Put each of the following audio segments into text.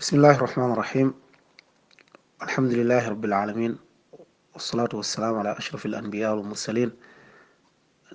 بسم الله الرحمن الرحيم الحمد لله رب العالمين والصلاة والسلام على أشرف الأنبياء والمرسلين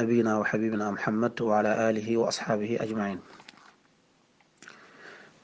نبينا وحبيبنا محمد وعلى آله وأصحابه أجمعين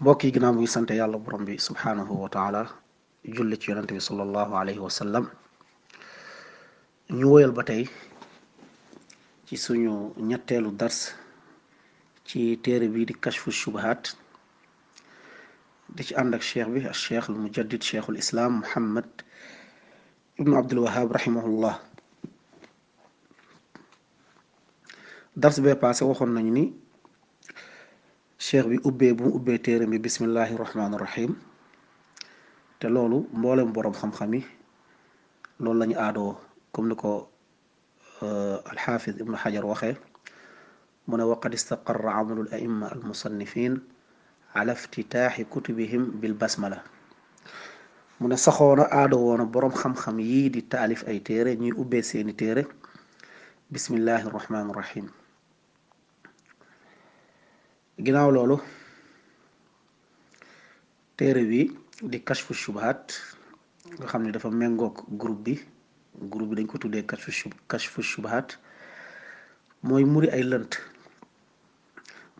بوكي جنام ويسانت يا الله برمبي سبحانه وتعالى جلت يننتي صلى الله عليه وسلم نيوي البتاي تي سونيو نتالو درس تي تيري بي كشف الشبهات di ci ànd ak cheikh bi al cheikh al mujaddid cheikhul islaam muhammad ibnu abdul wahab rahimahullah dars bee passé waxoon nañu ni cheikh bi ubbee bu mu ubbee téeram bi bismillahi rahmaani rahim te loolu mboolem boroom xam-xam yi loolu la ñu aadoo comme ni ko euh, alxaafid ibnu xajar waxee mu ne waqad istaqarra amalu al aimma al musannifin ala iftitaaxi kutubihim bil basmala mu ne saxoona aada woona boroom xam-xam yii di taalif ay téere ñuy ubbee seeni téere bismillahi irrahmani irrahim ginnaaw loolu téere bi di kashfu shubahat nga xam ne dafa méngoog groupe bi groupe dañ ko tuddee kashfu shubahat mooy muri ay lënt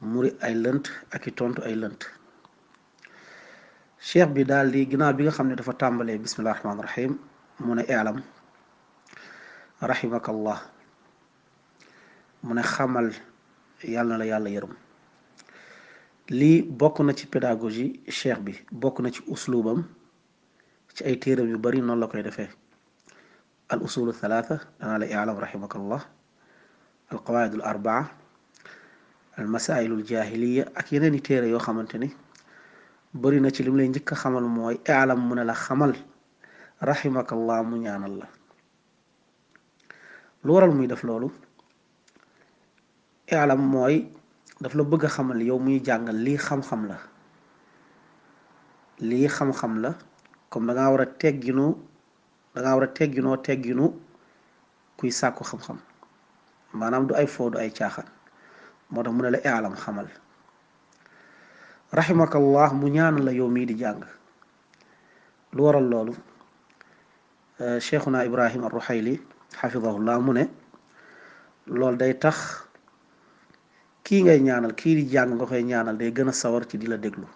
muri ay lënt ak tontu ay lënt cheikh bi dal li ginnaaw bi nga xamne dafa tambale bismillahi rahmaani rahim mu alam rahimak rahimakallah mu xamal yàlla la yàlla yeurum li bokku na ci pédagogie cheikh bi bokku na ci uslubam ci ay téeram yu bari non la koy défé al usulu thalatha ana la ilam rahimakallah al qawaid al arbaa al masailul jahiliya ak yeneen i téere yoo xamante ni bëri na ci li lay njëkk a xamal mooy alam mu ne la xamal raximakallah mu ñaanal la lu waral muy def loolu alam mooy daf la bëgg a xamal yow muy jàngal lii xam-xam la lii xam-xam la comme da ngaa war a tegginu danga ngaa war a tegginoo tegginu kuy sàkku xam-xam maanaam du ay foo du ay caaxaan moo tax mu ne la ealam xamal raximakallah mu ñaanal la yow mii di jàng lu waral loolu euh, cheikhuna ibrahim arruxayli xafidahullah mu ne loolu day tax kii ngay ñaanal kii di jàng nga koy ñaanal day gën a sawar ci di la déglu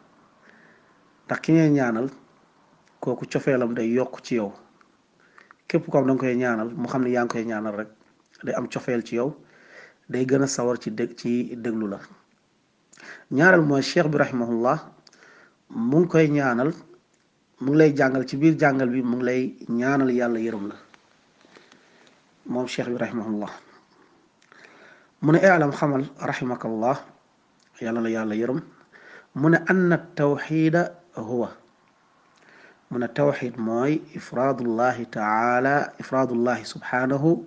ndax ki ngay ñaanal kooku cofeelam day yokk ci yow képp ko am danga koy ñaanal mu xam ne yaa ngi koy ñaanal rek day am cofeel ci yow day gën a sawar ci dég ci déglu la ñaareel mooy cheikh bi rahimahullah mu koy ñaanal mu ngi lay jàngal ci biir jàngal bi mu ngi lay ñaanal yàlla yërëm la moom cheikh bi rahimahullah mu ne alam xamal rahimakallah yàlla la yàlla yërëm mu ne anna tawxida huwa mu ne tawxid mooy ifraadullahi taala ifraadullahi subhanahu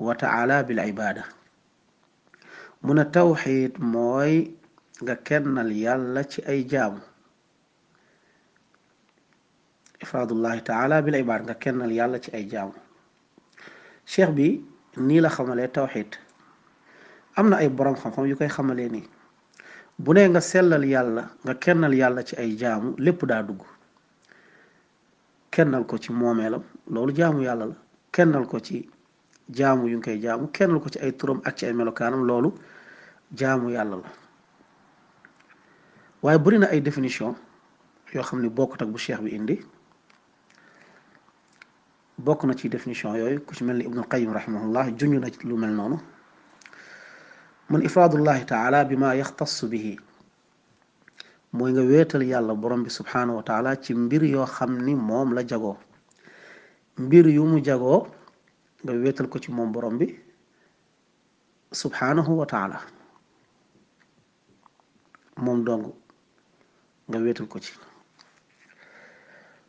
wa taala bil ibada muna ne tawxiid mooy nga kennal yàlla ci ay jaamu ifraadullahi taala bil ibaad nga kennal yàlla ci ay jaamu cheikh bi nii la xamalee tawxiid am na ay boroom xam-xam yu koy xamalee nii bu nee nga sellal yàlla nga kennal yàlla ci ay jaamu lépp daa dugg kennal ko ci moomeelam loolu jaamu yàlla la kennal ko ci jaamu yu ngi koy jaamu kennal ko ci ay turam ak ci ay melokaanam loolu jaamu yàlla la waaye bari na ay définition yoo xam ne bokkut ak bu cheikh bi indi bokk na ci définition yooyu ku ci mel ni ibnul qayim rahimahullah junj na lu mel noonu mun ifraadullahi taala bi ma yaxtas bihi mooy nga wéetal yàlla borom bi subhanahu wa taala ci mbir yoo xam ni moom la jagoo mbir yu mu jagoo nga wéetal ko ci moom borom bi subhanahu wa taala mom dong nga wéetal ko ci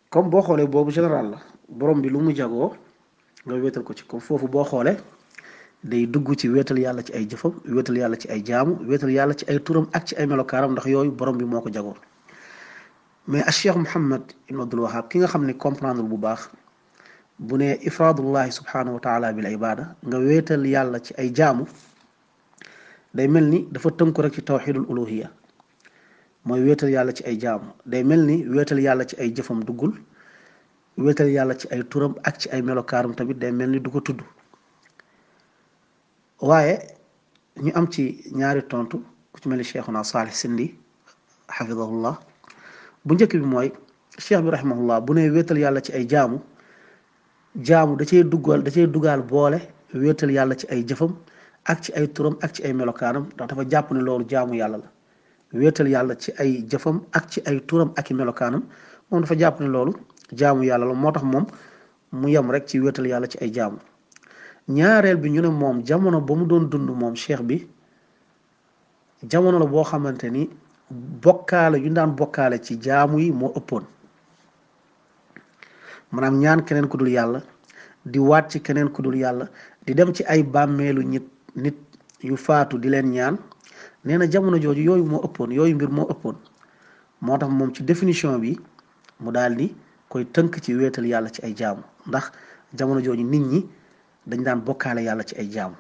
comme bo xolé bobu général la borom bi lu mu jago nga wéetal ko ci comme fofu bo xolé day dugg ci wéetal yàlla ci ay jëfëm wéetal yàlla ci ay jaamu wéetal yàlla ci ay turum ak ci ay melokaram ndax yooyu borom bi moko jago mais a cheikh mohammed ibn Abdul Wahab ki nga xamni comprendre bu baax bu ne ifradullah subhanahu wa taala bil ibada nga wétal yàlla ci ay jaamu day melni dafa tënku rek ci tawhidul uluhiya mooy wéetal yàlla ci ay jaamu day mel ni wéetal yàlla ci ay jëfam duggul wéetal yàlla ci ay turam ak ci ay melokaaram tamit day mel ni du ko tudd waaye ñu am ci ñaari tontu ku ci mel ni na saalih sindi xafidahullah bu njëkk bi mooy cheikh bi rahimahullah bu ne wéetal yàlla ci ay jaamu jaamu da cay duggal da cay dugaal boole wéetal yàlla ci ay jëfam ak ci ay turam ak ci ay melokaanam ndax dafa jàpp ne loolu jaamu yàlla wéetal yàlla ci ay jëfam ak ci ay turam ak i melokaanam moom dafa jàpp loolu jaamu yàlla la moo tax moom mu yem rek ci wéetal yàlla ci ay jaamu ñaareel bi ñu ne moom jamono ba mu doon dund moom cheikh bi jamono la boo xamante ni bokkaale yu daan bokkaale ci jaamu yi moo ëppoon maanaam ñaan keneen ku dul yàlla di waat ci keneen ku dul yàlla di dem ci ay bàmmeelu nit yu faatu di leen ñaan nee na jamono jooju yooyu moo ëppoon yooyu mbir moo ëppoon moo tax moom ci définition bi mu daal di koy tënk ci wéetal yàlla ci ay jaamu ndax jamono jooju nit ñi dañ daan bokkaale yàlla ci ay jaamu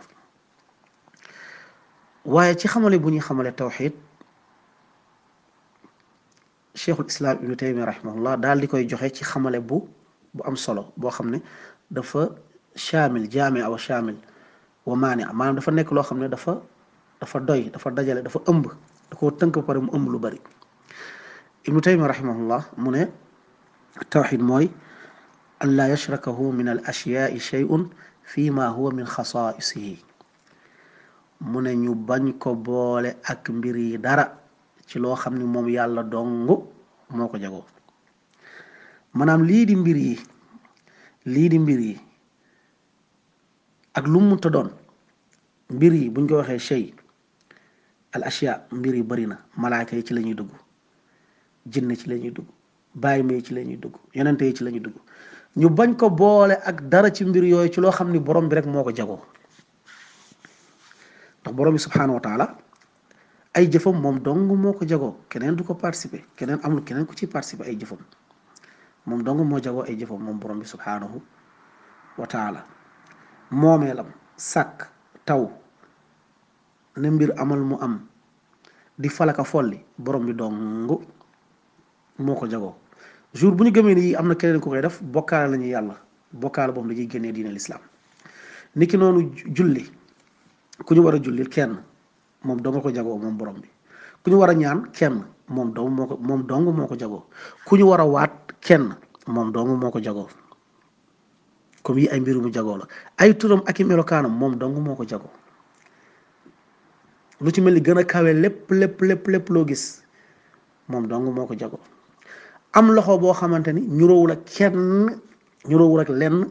waaye ci xamale bu ñuy xamale tawxid cheikhul islam ibnu taymiya rahimahullah daal di koy joxe ci xamale bu bu am solo boo xam ne dafa chaamil jaami aw chaamil wa maani maanaam dafa nekk loo xam ne dafa dafa doy dafa dajale dafa ëmb da koo tënk ba mu ëmb lu bari ibnu taymi rahimahullah mu ne tawxid mooy an laa yashrakahu min al ashyaai shay'un fi huwa min xasaisihi mu ne ñu bañ ko boole ak mbir yi dara ci loo xam ni moom yàlla dong moo ko jagoo maanaam lii di mbir yi lii mbir yi ak lu mu mënta doon mbir yi buñ ko waxee shay al ashya mbir yi bëri na malaaka yi ci lañuy dugg jinne ci la ñuy dugg bàyyi ma ci la ñuy dugg yonente yi ci la dugg ñu bañ ko boole ak dara ci mbir yooyu ci loo xam ni borom bi rek moo ko jagoo ndax borom bi subhanahu wa ay jëfam moom dong moo ko jagoo keneen du ko participer keneen amul keneen ku ci participer ay jëfam moom dong moo jagoo ay jëfam moom borom bi subhanahu wa taala moomeelam sàkk taw ne mbir amal mu am di falaka folli borom bi dong moo ko jagoo jour bu ñu gëmee nii am na keneen ku koy def bokkaale lañuy yàlla bokkaale boobu dañuy génnee diine lislaam ki noonu julli ku ñu war a julli kenn moom dong ko jagoo moom borom bi ku ñu war a ñaan moom dong moo ko moom dong moo ko jagoo ku ñu war a waat kenn moom dong moo ko jagoo comme yi ay mbirumu jagoo la ay turam ak i melokaanam moom dong moo ko jagoo lu ci mel ni gën a kawe lépp lépp lépp lépp loo gis moom dong moo ko jagoo am loxo boo xamante ni ñuróowul ak kenn ñuróowul ak lenn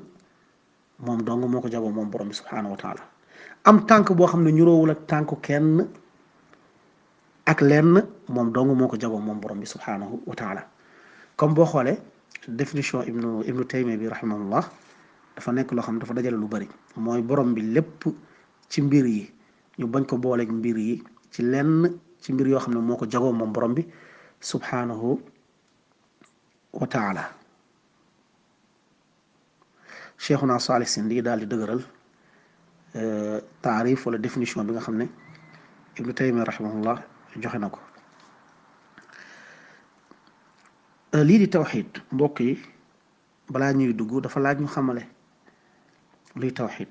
moom dong moo ko jagoo moom borom bi subhaanahu am tànk boo xam ne ñuróowul ak tànku kenn ak lenn moom dong moo ko jagoo moom borom bi subhaanahu wa taala comme boo xoolee définition ibnu ibnu taymiya bi rahimahullah dafa nekk loo xam dafa dajale lu bari mooy borom bi lépp ci mbir yi ñu bañ ko booleeg mbir yi ci lenn ci mbir yoo xam ne moo ko jagoo moom borom bi subhanahu wa taala cheikhuna Saalih Sindi daal di dëgëral euh, taarif wala définition bi nga xam ne ibnu taymiya rahimahullah joxe na ko euh, lii di tawxid mbokk yi balaa ñuy dugg dafa laaj ñu xamale luy tawxid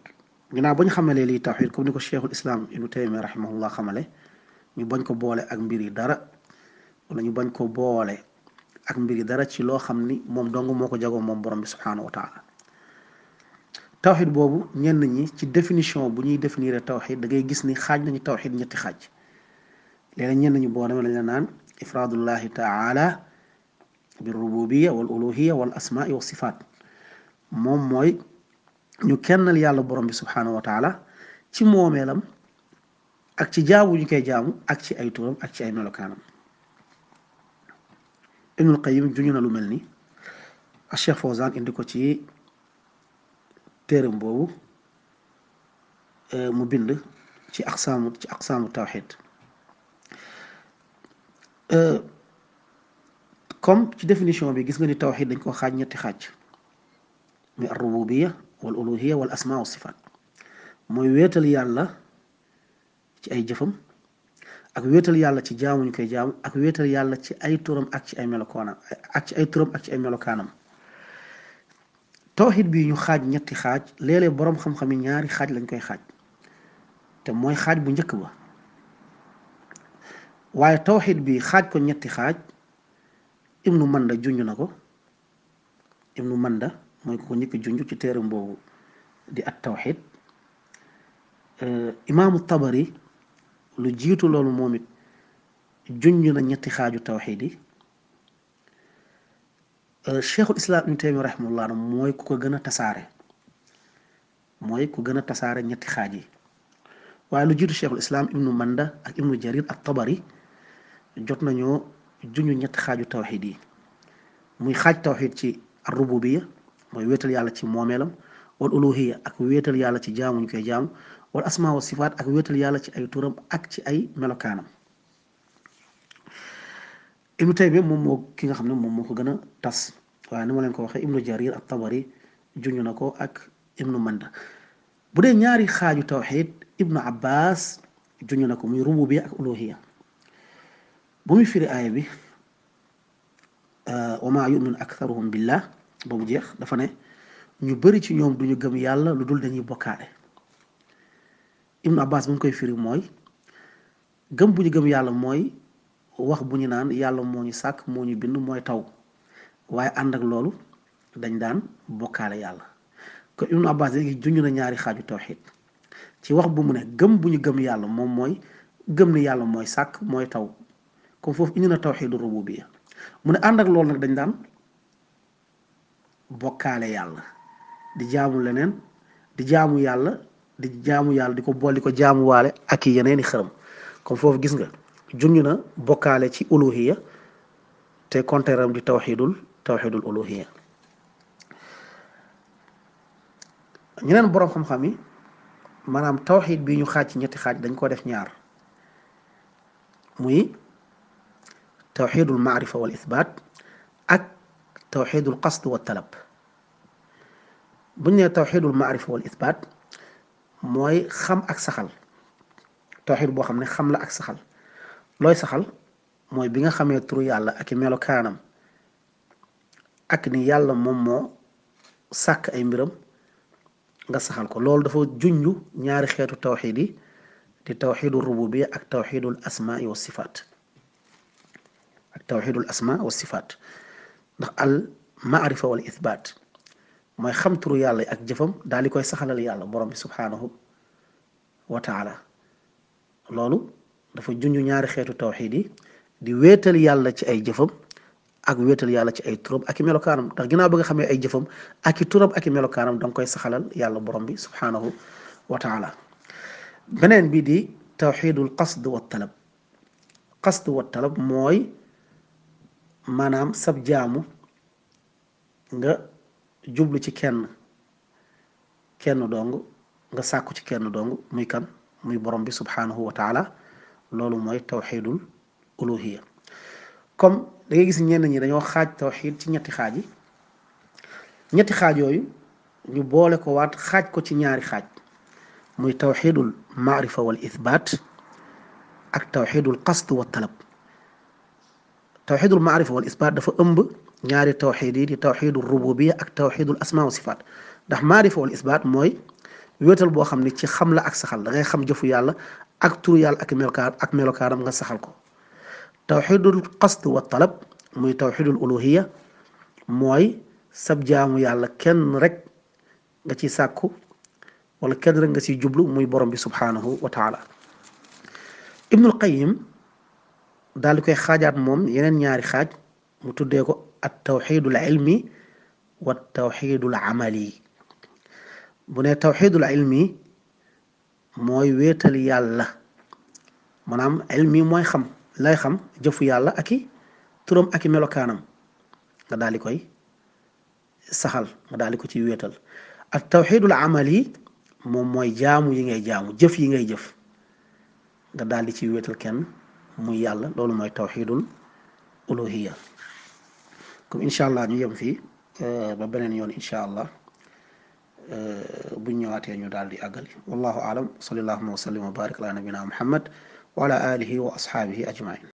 ginnaaw ba ñu xamalee lii tawxid ko ni ko cheikhul islam ibnu taymiya rahimahullah xamale ñu bañ ko boole ak mbir yi dara wala ñu bañ ko boole ak mbir yi dara ci loo xam ni moom dong moo ko jagoo moom borom bi subhanahu wa taala boobu ñenn ñi ci définition bu ñuy définir tawxid da ngay gis ni xaaj nañu tawxid ñetti xaaj léeg-léeg ñenn ñi boo demee lañ la naan ifraadullahi taala bi rububiya wal uluhiya wal asmaa wa sifaat moom mooy ñu kenn yàlla borom bi subhaanahu wa ci moomeelam ak ci jaamu ñu koy jaamu ak ci ay turam ak ci ay melokaanam ibnul juñu na lu mel ni a cheikh Fawzan indi ko ci téeram boobu mu bind ci aqsaamu ci aqsaamu comme ci définition bi gis nga ni tawxid dañ ko xaaj ñetti xaaj muy ar wal uluhiya wal asmaa wa sifaat mooy wéetal yàlla ci ay jëfam ak wéetal yàlla ci jaamuñu koy jaamu ak wéetal yàlla ci ay turam ak ci ay melokaanam ak turam ak ci ay melokaanam tawxid bi ñu xaaj ñetti xaaj léeg-léeg boroom xam-xam yi ñaari xaaj lañ koy xaaj te mooy xaaj bu njëkk ba waaye tawxid bi xaaj ko ñetti xaaj ibnu manda junj na ko ibnu manda mooy ko njëkk junj ci téeram boobu di at tawxid euh, imaamu tabari lu jiitu loolu moom it xaaju tawxid yi euh, cheikhul islam mooy ku ko gën a tasaare mooy ku gën a tasaare ñetti xaaj yi waaye lu jiitu cheikhul islam ibnu manda ak ibnu jarir ak tabari jot nañoo junj ñetti xaaju tawxid yi muy xaaj tawxid ci ar rububiya mooy wéetal yàlla ci moomeelam wal uluhiya ak wéetal yàlla ci jaamuñ koy jaamu wal asma wa sifaat ak wéetal yàlla ci ay turam ak ci ay melokaanam ibnu taymiya moom moo ki nga xam ne moom moo ko gën a tas waaye ni ma leen ko waxee ibnu jarir ak tabari na ko ak ibnu manda bu dee ñaari xaaju tawxid ibnu abbas junj na ko muy rububiya ak uluhiya bu muy firi aaya bi wa maa yu'minu aktharuhum billah ba mu jeex dafa ne ñu bari ci ñoom duñu gëm yàlla lu dul dañuy bokkaale Ibn Abbas mu koy firi mooy gëm bu ñu gëm yàlla mooy wax bu ñu naan yàlla moo sàkk moo ñu bind mooy taw waaye ànd ak loolu dañ daan bokkaale yàlla ko Ibn na ñaari xaaju tawxiid ci wax bu mu ne gëm gëm yàlla moom mooy gëm ni yàlla mooy sàkk mooy taw comme foofu indi na tawxiidu rububiyya mu ne ànd loolu nag dañ daan bokkaale yàlla di jaamu leneen di jaamu yàlla di jaamu yàlla di ko bool di ko jaamuwaale ak yeneeni yeneen i foofu gis nga junj na bokkaale ci uluhiya te contraire di tawxidul tawxidul uluhiya ñeneen boroom xam-xam yi maanaam tawxid bi ñu xaaj ñetti xaaj dañ ko def ñaar muy tawxidul maarifa wal isbaat ak tawxidul qasd wa talab bu ñu nee tawxiidul maarifa wal isbaat mooy xam ak saxal tawxiid boo xam ne xam la ak saxal looy saxal mooy bi nga xamee turu yàlla ak i melokaanam ak ni yàlla moom moo sàkk ay mbiram nga saxal ko loolu dafa junj ñaari xeetu tawxiid yi di tawxiidul rububiya ak tawxiidul asmaa wa sifaat ak tawxiidul asmaa wa sifaat ndax al maarifa wal isbaat mooy xam turu yàlla ak jëfam daal di koy saxalal yàlla borom bi subhaanahu wa taala loolu dafa junj ñaari xeetu tawxiid yi di wéetal yàlla ci ay jëfam ak wéetal yàlla ci ay turam ak i melokaanam ndax ginnaaw ba ay jëfam ak i ak melokaanam da koy saxalal yàlla borom bi subhaanahu wa taala beneen bi di tawxiidul qasd wa talab qasd wa talab mooy maanaam sab jaamu nga jublu ci kenn kenn dong nga sàkku ci kenn dong muy kan muy borom bi subhanahu wa loolu mooy tawxidul uluhiya comme da gis ñenn ñi dañoo xaaj tawxid ci ñetti xaaj ñetti xaaj yooyu ñu boole ko waat xaaj ko ci ñaari xaaj muy tawxidul maarifa wal ithbaat ak tawxidul qasd wa talab tawxidul maarifa wal isbaat dafa ëmb ñaari tawxid yi di tawxidul rububia ak tawxidul asma wa sifaat ndax maarifa wal isbaat mooy wéetal boo xam ne ci xam la ak saxal da ngay xam jëfu yàlla ak turu yàlla ak melokaar ak melokaaram nga saxal ko tawxidul qasd wa talab muy tawxidul uluhiya mooy sab jaamu yàlla kenn rek nga ciy sàkku wala kenn rek nga ciy jublu muy borom bi subhanahu wa taala ibnul qayim daal koy xaajaat moom yeneen ñaari xaaj mu tuddee ko at tawxidul ilmi wa tawxidul amali bu ne tawxidul ilmi mooy wéetal yàlla maanaam ilmi mooy xam lay xam jëfu yàlla ak i aki ak i melokaanam nga daal koy saxal nga daal ko ci wéetal ak tawxidul amali moom mooy jaamu yi ngay jaamu jëf yi ngay jëf nga daal di ci wéetal kenn mu yàlla loolu mooy tawxidul uluhiya comme incha allah ñu yem fii euh, ba beneen yoon incha allah euh, buñ ñëwaatee ñu daal di àggali wallahu aalam sallallahu wa sallim wa barik ala nabina muhammad wa ala wa ashaabihi ajmain